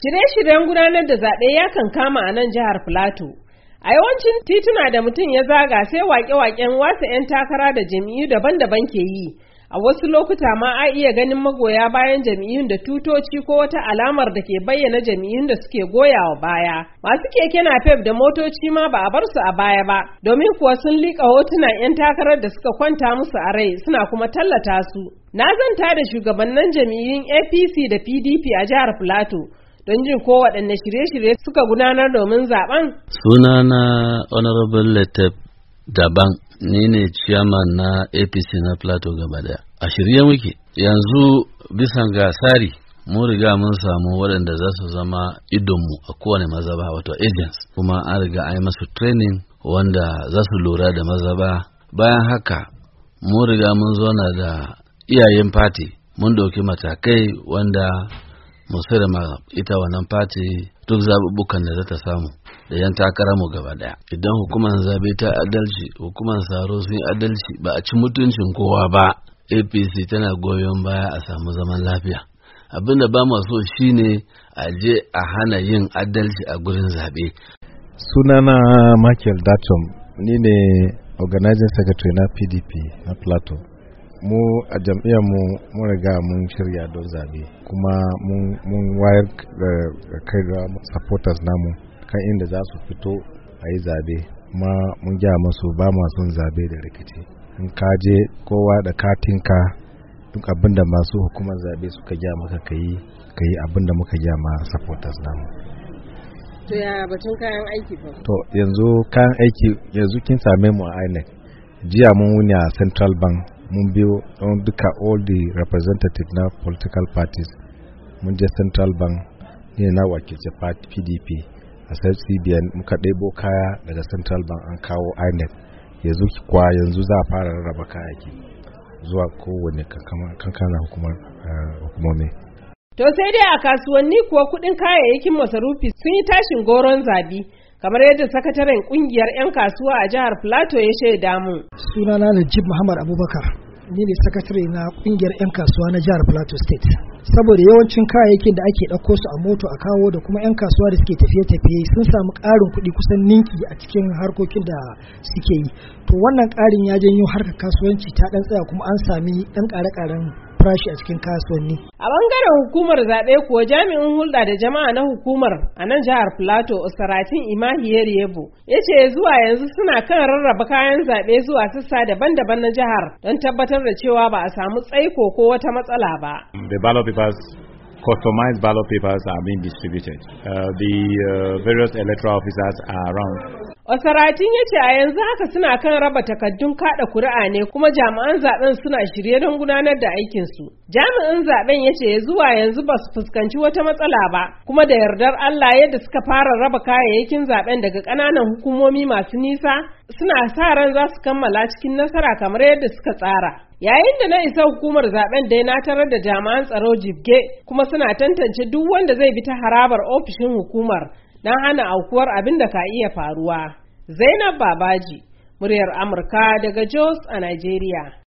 Shirye-shiryen gudanar da zaɓe ya kan kama a nan jihar Filato. A yawancin tituna da mutum ya zaga sai waƙe-waƙen wasa 'yan takara da jam'iyyu daban-daban ke yi. A wasu lokuta ma a iya ganin magoya bayan jam'iyyun da tutoci ko wata alamar da ke bayyana jam'iyyun da suke goya wa baya. Masu keke na Pep da motoci ma ba a bar su a baya ba, domin kuwa sun liƙa hotuna 'yan takarar da suka kwanta musu a rai suna kuma tallata su. Na zanta da shugabannin jam'iyyun APC da PDP a jihar Filato. don jin ko waɗanne shirye-shirye suka gudanar domin zaben. na Honorable Letep Daban ni ne ciyaman na APC na Plateau gaba daya. A shirye muke yanzu bisan ga tsari mun riga mun samu waɗanda za su zama idonmu a kowane mazaba wato agents kuma an riga an yi masu training wanda za su lura da mazaba bayan haka mun riga mun zauna da iyayen fati mun ɗauki matakai wanda mu ma ita wannan fati duk zaɓuɓɓukan da za ta samu da yan takara mu gaba ɗaya idan hukumar zabe ta adalci hukumar tsaro sun adalci ba a ci mutuncin kowa ba apc tana goyon baya a samu zaman lafiya abin da ba mu so shine a je a hana yin adalci a gurin zaɓe sunana michael datum ni ne organizing secretary na pdp na plateau mu a jam'iyyar mu mun riga mun shirya don zabe kuma mun wayar da kai ga supporters namu kan inda za su fito a yi zabe kuma mun gya masu ba son zabe da rikici in ka je kowa da katinka duk abin da masu hukumar zabe suka gya maka ka yi ka yi abin da muka gya ma supporters namu to ya batun kayan aiki fa to yanzu kayan aiki yanzu kin same mu a INEC jiya mun wuni a Central Bank mun biyo don duka all the representative na political parties mun je central bank ne na wakilci pdp a sai cbn muka ɗebo kaya daga central bank an kawo inec yanzu kwa yanzu za a fara rarraba kayaki zuwa kowane kankana eh, hukumomi to sai dai a kasuwanni kuwa kuɗin kayayyakin masarufi sun yi tashin goron zabi kamar yadda sakataren kungiyar 'yan kasuwa a jihar plateau ya shaida mu sunana najib muhammad abubakar ni ne sakatare na kungiyar 'yan kasuwa na jihar plateau state saboda yawancin kayayyakin da ake ɗauko su a moto a kawo da kuma 'yan kasuwa da suke tafiye-tafiye sun samu ƙarin kuɗi kusan ninki a cikin harkokin da suke yi to wannan ƙarin ya janyo harkar kasuwanci ta ɗan tsaya kuma an sami ɗan ƙare-ƙaren farashi a cikin kasuwanni. A bangaren hukumar zaɓe kuwa jami'in hulɗa da jama'a na hukumar a nan jihar Filato Osaratin Imahi Yeriyebo ya ce zuwa yanzu suna kan rarraba kayan zaɓe zuwa sassa daban-daban na jihar don tabbatar da cewa ba a samu tsaiko ko wata matsala ba. The ballot papers customized ballot papers are being distributed. Uh, the uh, various electoral officers are around Osaratin ya ce a yanzu haka suna kan raba takaddun kada kuri'a ne kuma jami'an zaben suna shirye don gudanar da aikinsu. Jami'in zaben ya ce zuwa yanzu ba su fuskanci wata matsala ba kuma da yardar Allah yadda suka fara raba kayayyakin zaben daga ƙananan hukumomi masu nisa suna sa ran za su kammala cikin nasara kamar yadda suka tsara. yayin da na isa hukumar zaben dai na tarar da jami'an tsaro jibge kuma suna tantance duk wanda zai bi ta harabar ofishin hukumar don hana aukuwar abin da ka iya faruwa. Zainab Babaji, muryar Amurka daga Jos a Najeriya.